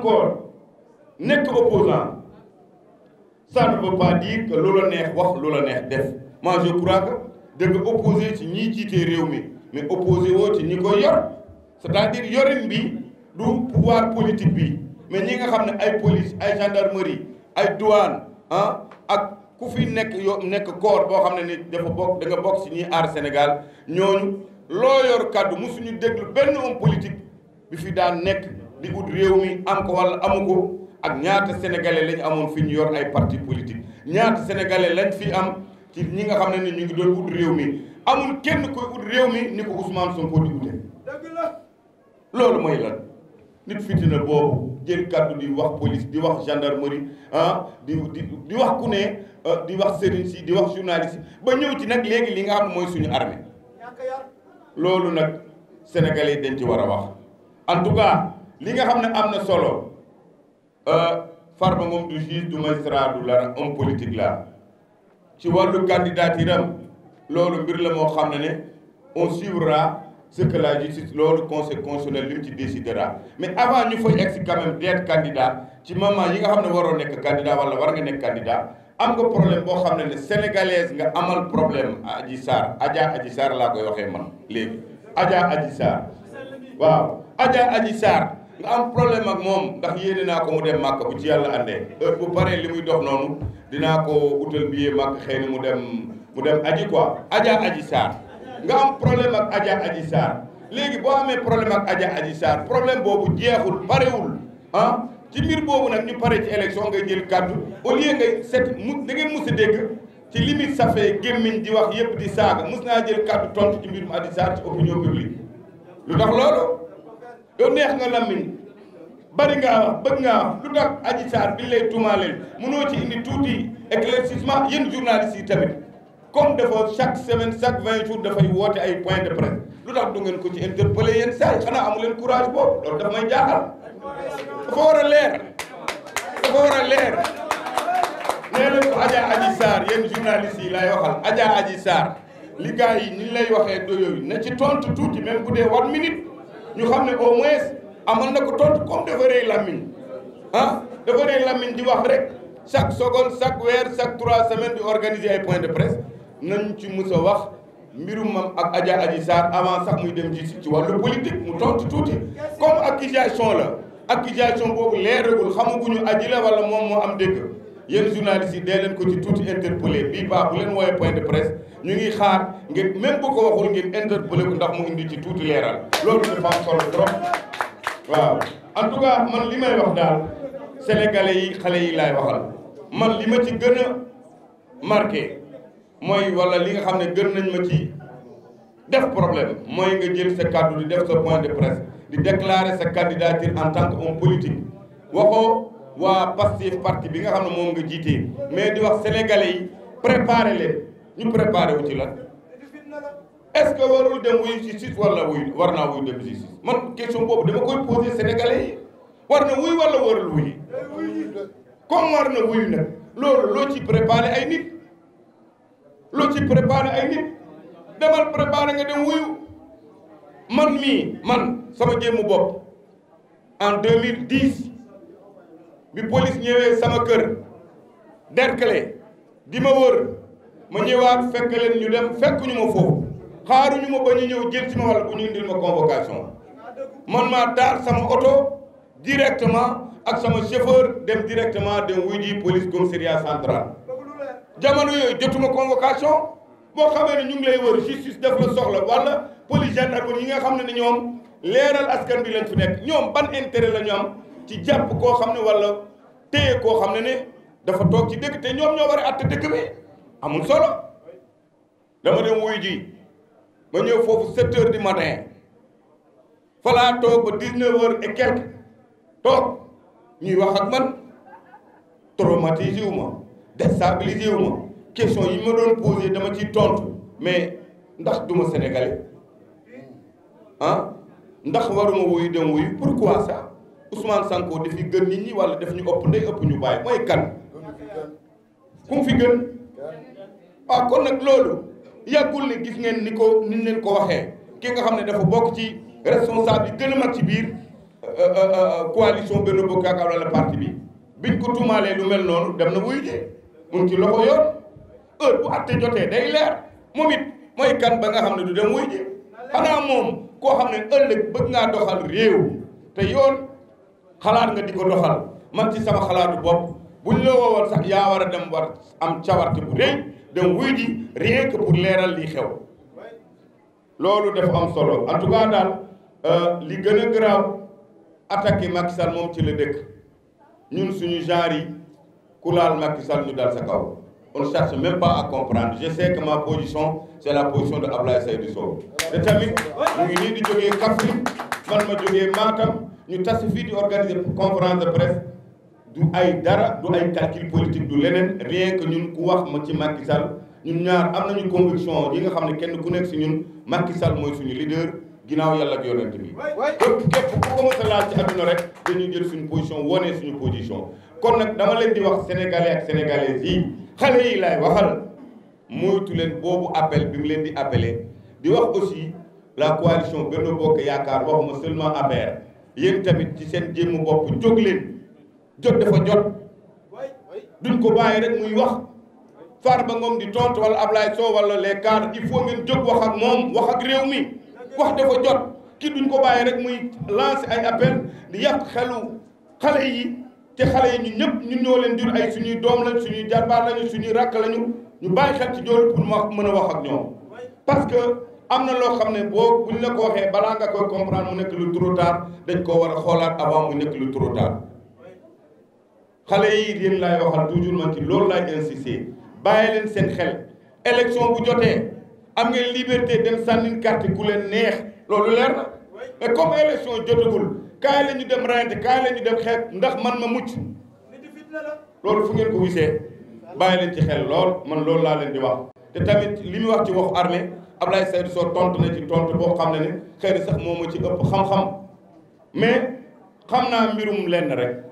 encore nekk opposant ça ne veut pas dire que loola neex wax loola neex def moi je crois que da ci ñiy jiitee réew mi mais opposé woo ci ñi ko yor c'est-à-dire yorin bi du pouvoir politique bi mais ñi nga xam ne ay police ay gendarmerie ay douane ah ak ku fi nekk yo nekk corps boo xam ne ni dafa bokk da bokk ci ñiy aar Sénégal ñooñ loo yor kàddu musuñu déglu benn homme politique bi fi daan nekk di ut réew mi am ko walla amu ak ñaata sénégalais lañ amoon fi ñu yor ay parti politique ñaata sénégalais lañ fi am ci ñi nga xam ne ni ñu ngi doon ut réew mi amul kenn koy ut réew mi ni ko Ousmane Sonko di ute loolu mooy lan nit fitina boobu jël kàddu di wax police di wax gendarmerie ah di di di wax ku ne ah, di wax sëriñ si di wax journaliste ba ñëw ci nag léegi li nga xam ne mooy suñu armée loolu nag sénégalais dañ ci war a wax en tout li nga xam ne am na solo euh, Farba moom du juge du magistrat du la homme politique la ci wàllu candidature am loolu mbir la moo xam ne ne on suivra ce que la justice loolu conseil constitutionnel li mu ci décidera mais avant ñu fay egg si quand même d'être candidat ci moment yi nga xam ne waroo nekk candidat wala war nga nekk candidat am nga problème boo xam ne ne sénégalaise nga amal problème Adji Sarr Adja Adji Sarr laa koy waxee man léegi Adja Adji Sarr waaw Adja Adji Sarr nga am problème ak moom ndax yéene naa ko mu dem màkk bu ci yàlla àndee heure bu paree li muy dox noonu dinaa ko utal billet màkk xëy na mu dem mu dem aji quoi Adja Aji Sarr nga am problème ak Adja Aji Sarr léegi boo amee problème ak Aji Sarr problème boobu jeexul parewul ah ci mbir boobu nag ñu pare ci élection nga jël kàddu au lieu ngay set mu da ngeen mus a dégg ci limite safee gémmiñ di wax yëpp di saaga mus naa jël kàddu tontu ci mbirum Adji Sarr ci opinion publique lu yow neex nga lammiñ bari nga bëgg nga lu tax Adji Sarr bi lay tuumaaleel mënoo ci indi tuuti éclaircissement yéen journalistes yi tamit comme dafa chaque semaine chaque vingt jours dafay woote ay point de presse lu tax du ngeen ko ci interpellé yéen saa yi xanaa amu leen courage boobu loolu daf may jaaxal dafa war a leer dafa war a leer nee leen ko Adja Adji Sarr yéen journalistes yi lay waxal Adja Adji Sarr li gars yi ni lay waxee doyooyu na ci tontu tuuti même bu dee war ñu xam ne au moins amal na ko tontu comme dafa rëy làmmiñ ah dafa rëy làmmiñ di wax rek chaque seconde chaque weer chaque trois semaine di organiser ay point de presse nañ ci mus wax mbirum ma ak Adja Adji saar avant sax muy dem ci ci wàllu politique mu tontu tuuti comme accusation la accusation boobu leeragul xamaguñu aji la wala moom moo am dëgg yéen journalistes yi dee leen ko ci tuuti interpellé bii baax bu leen wooyee point de presse ñu ngi xaar. ngeen même bu ko waxul ngeen interpellé ko ndax mu indi ci tuuti leeral loolu dafa am solo trop waaw en man li may wax daal sénégalais yi xale yi laay waxal man li ma ci gën a marqué mooy wala li nga xam ne gën nañ ma ci def problème mooy nga jël sa kàddu di def sa point de presse di déclarer sa candidature en tant que homme politique waxoo waa Pastef parti bi nga xam ne moom nga jiitee mais di wax sénégalais yi préparer leen ñu préparer wu la est-ce que warul dem wuy justice war wuy war naa wuy dem justice man question boobu dama koy poser sénégalais yi war na wuy wala warul wuy comme war na wuy nag loolu loo ci préparé ay nit loo ci préparé ay nit demal préparé nga dem wuyu man mii man sama jëmmu bopp en 2010 bi police ñëwee sama kër derkale di ma wër ma ñëwaat fekk leen ñu dem fekk ñu ma foofu xaaruñu ma ba ñu ñëw jël ci ma walla bu ñu indil ma convocation man maa taal sama oto directement ak sama chauffeur dem directement dem wuy ji police commissariat central jamono yooyu jotuma convocation boo xamee ne ñu ngi lay wër justice def la soxla walla police gendarmerie yi nga xam ne ne ñoom leeral askan bi lañ fi nekk ñoom ban intérêt la ñu am ci jàpp koo xam ne walla téye koo xam ne ne dafa toog ci dëkk te ñoom ñoo war a àtte dëkk bi amul solo dama dem wuy ji ma ñëw foofu sept heures du matin falaa toog ba dix-neuf heures et toog ñuy wax ak man traumatisé wu ma déstabilisé wu ma question yi ma doon posé dama ciy tontu mais ndax duma sénégalais ah ndax waruma wuyu dem wuyu pourquoi ça Ousmane Sanko dafi gën nit ñi walla daf ñu ëpp ndey ëpp ñu bàyyi mooy kan ku mu fi gën waaw ah, kon nag loolu yàggul ne gis ngeen ni ko ni leen ko waxee ki nga xam ne dafa bokk ci responsable yi gën mag ci biir euh, euh, euh, coalition Benno Bokk Yaakaar wala parti bi biñ ko tuumaalee lu mel noonu dem na wuyu de mun ci loxo yoon heure bu àtte jotee day leer moom it mooy kan ba nga xam ne du dem wuyu de xanaa moom koo xam ne ëllëg bëgg ngaa doxal réew te yoon xalaat nga di ko doxal man ci sama xalaatu bopp buñ la woowoon sax yaa war a dem war am cawarte bu rëy dem wuy ji rien que pour leeral li xew loolu dafa am solo en tout cas daal euh, li gën a garaaw attaqué Macky Sall moom ci la dëkk ñun suñu genre yi ku laal Macky Sall ñu dal sa kaw on ne cherche même pas à comprendre je sais que ma position c'est la position de Ablaye Seydou Sow te tamit mu ngi nii di jógee Kaffrine man ma jógee Matam ñu tas fii di organiser conférence de presse du ay dara du ay calcul politique du leneen bien que ñun ku wax ma ci Macky Sall ñun ñaar am na ñu conviction yi nga xam ne kenn ku nekk si ñun Macky Sall mooy suñu leader ginnaaw yàlla ak bi képp képp ku commencé laal ci adduna rek dañuy jël suñu position wone suñu position kon nag dama leen di wax sénégalais ak sénégalaises yi xale yi laay waxal moytu leen boobu appel bi mu leen di appelé di wax aussi la coalition Benno Bokk Yaakaar waxuma seulement APR yéen tamit ci seen jéemu bopp jóg leen jot dafa jot duñ ko bàyyi rek muy wax ba ngoom di tontu wala ab Sow wala les cadres il faut ngeen jóg wax ak moom wax ak réew mi wax dafa jot kii duñ ko bàyyi rek muy lancer ay appel di yàq xelu xale yi te xale yi ñun ñëpp ñun ñoo leen jur ay suñuy doom lañ suñuy jarbaar lañu suñuy rakk lañu ñu bàyyi xel ci joolu pour ma mën a wax ak ñoom parce que am na loo xam ne boo buñ la ko waxee balaa nga koy comprendre mu nekk lu trop tard dañ ko war a xoolaat avant mu nekk lu trop xale yi yéen laay waxal toujours man ci loolu laay insisté bàyyi leen seen xel élection bu jotee am ngeen liberté dem sànni carte ku leen neex loolu leer na mais comme élection jotagul kaa la ñu dem rayante kaay la ñu dem xeex ndax man ma mucc loolu fu ngeen ko wisee bàyyi leen ci xel lool man loolu laa leen di wax. te tamit li mu wax ci waxu ab Ablaye Seydou soo tontu na ci tontu boo xam ne ne xëy sax moo ma ci ëpp xam-xam mais xam naa mbirum lenn rek.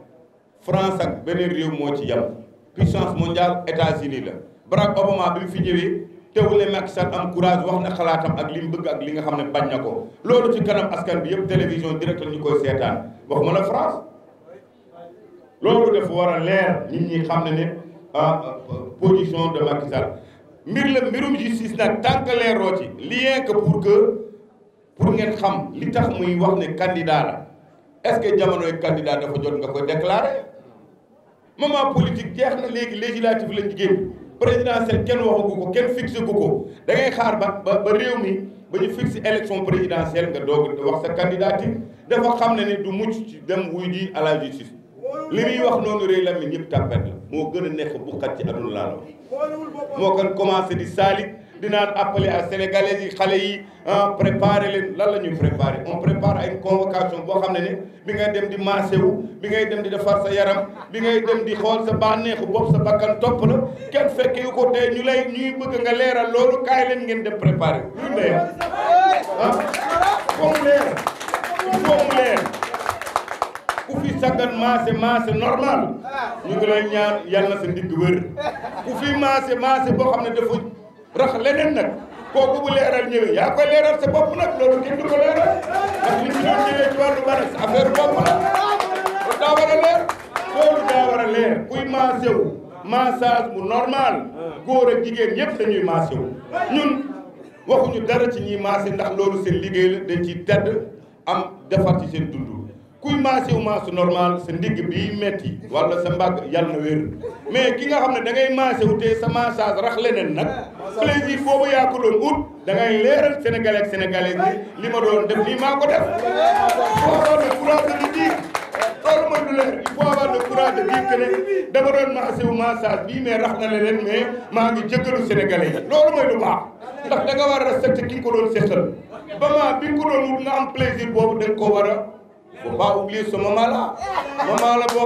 France ak beneen réew moo ci yam puissance mondial États-Unis la Barack Obama bi mu fi ñëwee teewule Macky Sall am courage wax na xalaatam ak li mu bëgg ak li nga xam ne bañ na ko loolu ci kanam askan bi yëpp télévision direct la ñu koy seetaan waxuma la France loolu dafa war a leer nit ñi xam ne ne ah, position de Macky mbir la mbirum justice nag tant que leeroo ci rien que pour que pour ngeen xam li tax muy wax ne candidat la est-ce que jamonoy candidat dafa jot nga koy déclarer moment politique jeex na léegi législative lañ jigéen présidentielle kenn waxagu ko kenn fixé gu ko da ngay xaar ba ba réew mi ba ñu fixé élection présidentielle nga doog wax sa candidature dafa xam ne ni du mucc ci dem wuy ji à la justice li muy wax noonu réy la mi ñëpp tàppet la moo gën a nekk bu xat ci aduna laa moo kan commencé di saalik di naan appeler à sénégalais yi xale yi ah, préparer leen lan la ñuy préparer on prépare ay convocation boo xam ne ni bi ngay dem di maase bi ngay dem di defar sa yaram bi ngay dem di xool sa bànneexu bopp sa bakkan topp la kenn fekke yu ko tey ñu lay ñuy bëgg nga leeral loolu kaay leen ngeen dem préparer lu leer ah foofu leer foofu leer ku fi saggan maase maase normal ñu ngi lay ñaan yàlla na sa ndigg wër ku fi maase maase boo xam ne dafa rax leneen nag kooku bu leeral ñëwee yaa koy leeral sa bopp nag loolu kenn du ko leeral ak li ñu doon ñëwee ci wàllu bari affaire bopp la loolu daa leer kuy maase wu massage bu normal góor ak jigéen ñëpp dañuy maase wu ñun waxuñu dara ci ñuy maase ndax loolu seen liggéey la dañ ciy tedd am defar ci seen dund kuy maase wu maase normal sa ndigg bi metti wala sa mbagg yàlla na wér mais ki nga xam ne da ngay maase wu te sa massage rax leneen nag plaisir boobu yaa ko doon ut da ngay leeral sénégalais li ma doon def nii maa ko def il faut avoir le courage de dire loolu mooy du leer il faut avoir doon maase wu bii mais rax na leneen mais maa ngi jëkkalu sénégalais yi loolu mooy lu ndax da nga war a respecté ki nga ko doon seqal ba maa bi nga doon wut nga am plaisir boobu da nga koo war faut pas oublier ce boo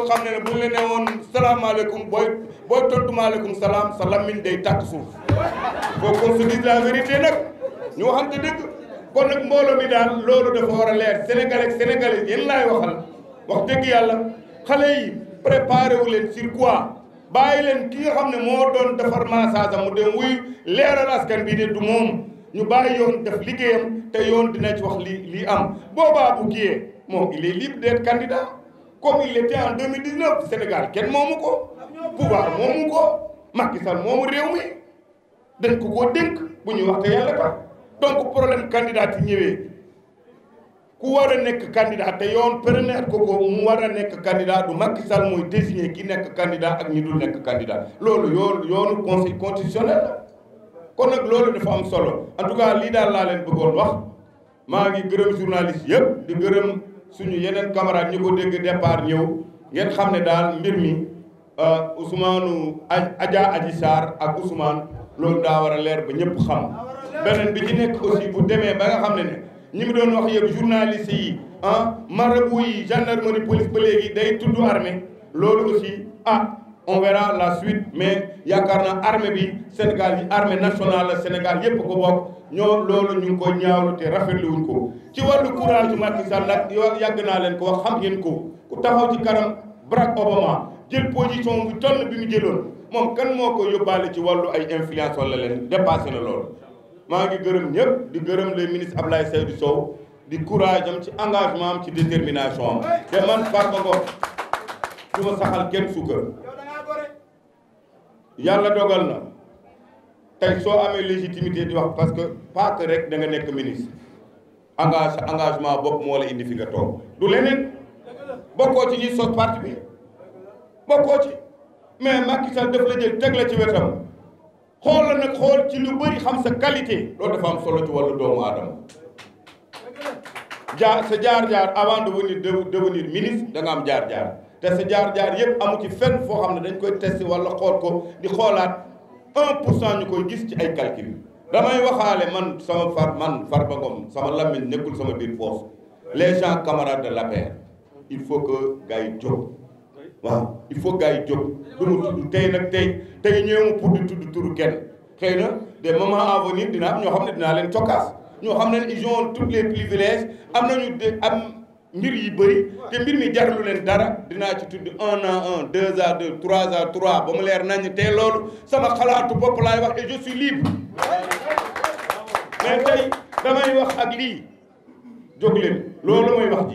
xam ne bu ñu la nee woon salaamaaleykum booy booy tontu maaleykum salaam sa lammiñ day tàkk suuf faut qu'on se dise nag ñu waxante dëgg kon nag mbooloo mi daal loolu dafa war a leer sénégalais sénégalais yéen laay waxal wax dëgg yàlla xale yi préparé wu leen sur quoi bàyyi leen ki xam ne moo doon defar message am mu dem wuy leeral askan bi de du moom ñu bàyyi yoon def liggéeyam te yoon dina ci wax lii li am boobaa bu kiyee moom il est libre d'être candidat comme il était en 2019 Sénégal kenn moomu ko pouvoir moomu ko Macky Sall réew mi dañ ko koo dénk bu ñuy wax te yàlla tax donc problème candidat yi ñëwee ku war a nekk candidat te yoon permettre ko ko mu war a nekk candidat du Macky Sall mooy désigner ki nekk candidat ak ñi dul nekk candidat loolu yoonu conseil constitutionnel la kon nag loolu dafa am solo en lii daal laa leen bëggoon wax maa ngi gërëm journaliste suñu yeneen camarade ñu ko dégg départ ñëw ngeen xam ne daal mbir mi a euh, Ousmane Adja aji saar ak Ousmane loolu daa war a leer ba ñëpp xam beneen bi ci nekk aussi bu demee ba nga xam ne ne ñi mu doon wax yëpp journaliste yi ah marabu yi gendarmerie police ba léegi day tudd armée loolu aussi ah on la suite mais yaakaar naa armée bi Sénégal yi armée nationale la Sénégal yépp ko bokk ñoo loolu ñu ngi ko ñaawlu te rafetlu wuñ ko ci wàllu courage Macky Sall nag yoo yàgg naa leen ko wax xam ngeen ko ku taxaw ci kanam Barack Obama jël position bu tonn bi mu jëloon moom kan moo ko yóbbaale ci wàllu ay influence wala leen dépassé na lool maa ngi gërëm ñëpp di gërëm le ministre Abdoulaye Seydou Sow di courage am ci engagement am ci détermination am te man Farba Ngom yàlla dogal na tey soo amee légitimité di wax parce que pas rek da nga nekk ministre engage engagement bopp moo la indi fi nga toog du leneen bokkoo ci ñi sos parti bi bokkoo ci mais Macky Sall daf la jël teg la ci wetam xool la nag xool ci lu bëri xam sa qualité loolu dafa solo ci wàllu doomu aadama jaar sa jaar-jaar avant de devenir ministre da nga am jaar-jaar te sa jaar-jaar yëpp amu ci fenn foo xam ne dañ koy testé wala xool ko di xoolaat 1 pour cent ñu koy gis ci ay calcul. damay waxaale man sama far man far ba Ngom sama làmmiñ nekkul sama biir poos les gens camarades de l'APR il faut que gars yi jóg waaw il faut gars yi jóg du mu tudd tey nag tey tey ñëwuma pour di tudd turu kenn xëy na des moments à venir dina ñoo xam ne dinaa leen cokkaas ñoo xam ne ils ont tous les privilèges am nañu de am. mbir yi bëri te mbir mi jarlu leen dara dinaa ci tudd un à un deux à deux trois à trois ba mu leer nañu te loolu sama xalaatu bopp laay wax et je suis libre mais tey damay wax ak lii jóg leen loolu mooy wax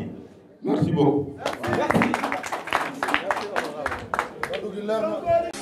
ji